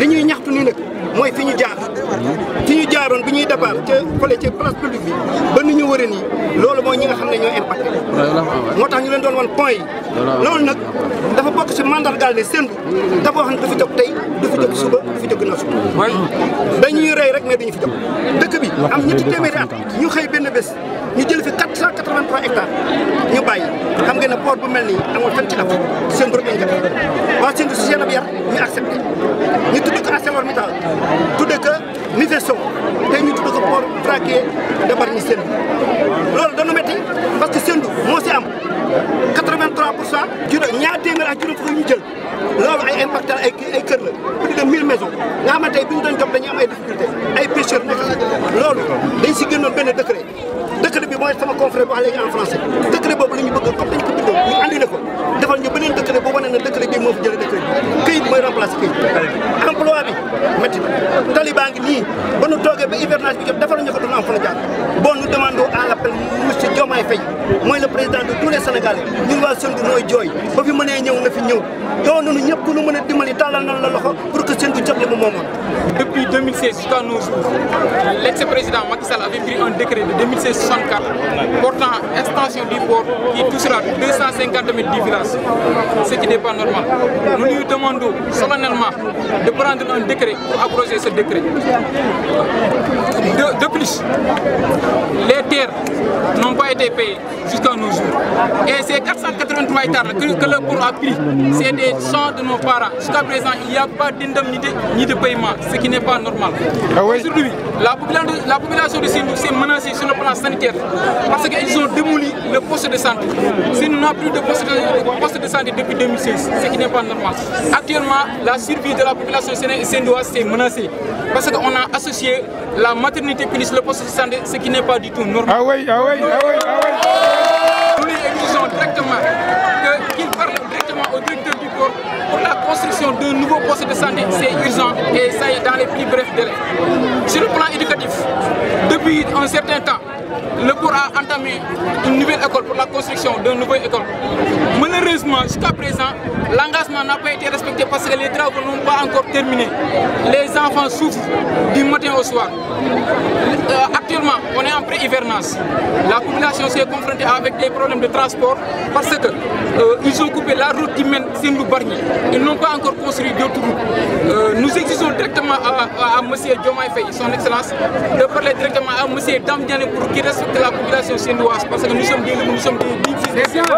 li ñuy ñaxtu nii nag mooy fi ñu jaar fi ñu jaaroon bi ñuy départ ca fële ca place publique bi ba ni ñu wëre nii loolu mooy ñi nga xam ne ñoo impacté moo tax ñu leen doon wan point yi loolu nag dafa bokk si mandargaal ne seen dafa wax ne du fi jóg tey du fi jóg suba du fi jóg na suba dañuy rey rek mais duñu fi jóg dëkk bi am ñetti téeméeri at ñu xëy benn bés ñu jël fi 483 hectares ñu bàyyi xam ngeen ne port bu mel nii amul fenn kilomètres yu ñu jël loolu ay impacté ay ay kër la plus de 1000 maisons nga xam ne tey bi ñu ay difficulté ay pêcheurs nekk loolu dañ si génnoon benn bi mooy sama confrère bi wax léegi en français décret boobu la ñu bëgg comme ko bindoo ñu andi na ko defal ñu beneen décret boo wane ne décret bii moo fi jëlee décret bi mooy remplacé këyit emploi bi métti tali nii ba nu toogee ba hivernage bi jot defal ñu ko duñu am fa Moi le président de tous les sénégalais nous waa Sendou mooy jooy faut fi mënee nga fi pour que depuis 2016 jusqu'à nos jours l'ex-président Macky Sall avait pris un décret de 2016 64 portant extension du port qui touchera 250 000 différences. ce qui n'est pas normal nous lui demandons solennellement de prendre un décret pour abroger ce décret de, de plus les terres été jusqu'à nos jours. Et c'est 483 hectares que, le cours a pris, c'est des champs de nos parents. Jusqu'à présent, il n'y a pas d'indemnité ni de paiement, ce qui n'est pas normal. Ah Aujourd'hui, la, population de Sinou s'est menacée sur le plan sanitaire parce qu'ils ont démoli le poste de santé. n'y n'a plus de poste de, santé depuis 2016, ce qui n'est pas normal. Actuellement, la survie de la population sénouaise s'est menacée parce qu'on a associé la maternité punisse le poste de santé, ce qui n'est pas du tout normal. Ah oui, ah oui, ah oui. Nous lui exigeons directement qu'il parlent parle directement au directeur du corps pour la construction d'un nouveau poste de santé. C'est urgent et ça est dans les plus brefs délais. Sur le plan éducatif, depuis un certain temps, le cours a entamé une nouvelle école pour la construction d'une nouvelle école. Malheureusement, jusqu'à présent, l'engagement n'a pas été respecté parce que les travaux n'ont pas encore terminé. Les enfants souffrent du matin au soir. Euh, actuellement, on est en pré hivernance La population s'est confrontée avec des problèmes de transport parce qu'ils euh, ont coupé la route qui mène barnier Ils n'ont pas encore construit de exigeons directement à, à, à Monsieur Diomaye Faye, son Excellence, de parler directement à Monsieur Dame Diané pour qu'il respecte la population sénoise parce que nous sommes des nous sommes des dignes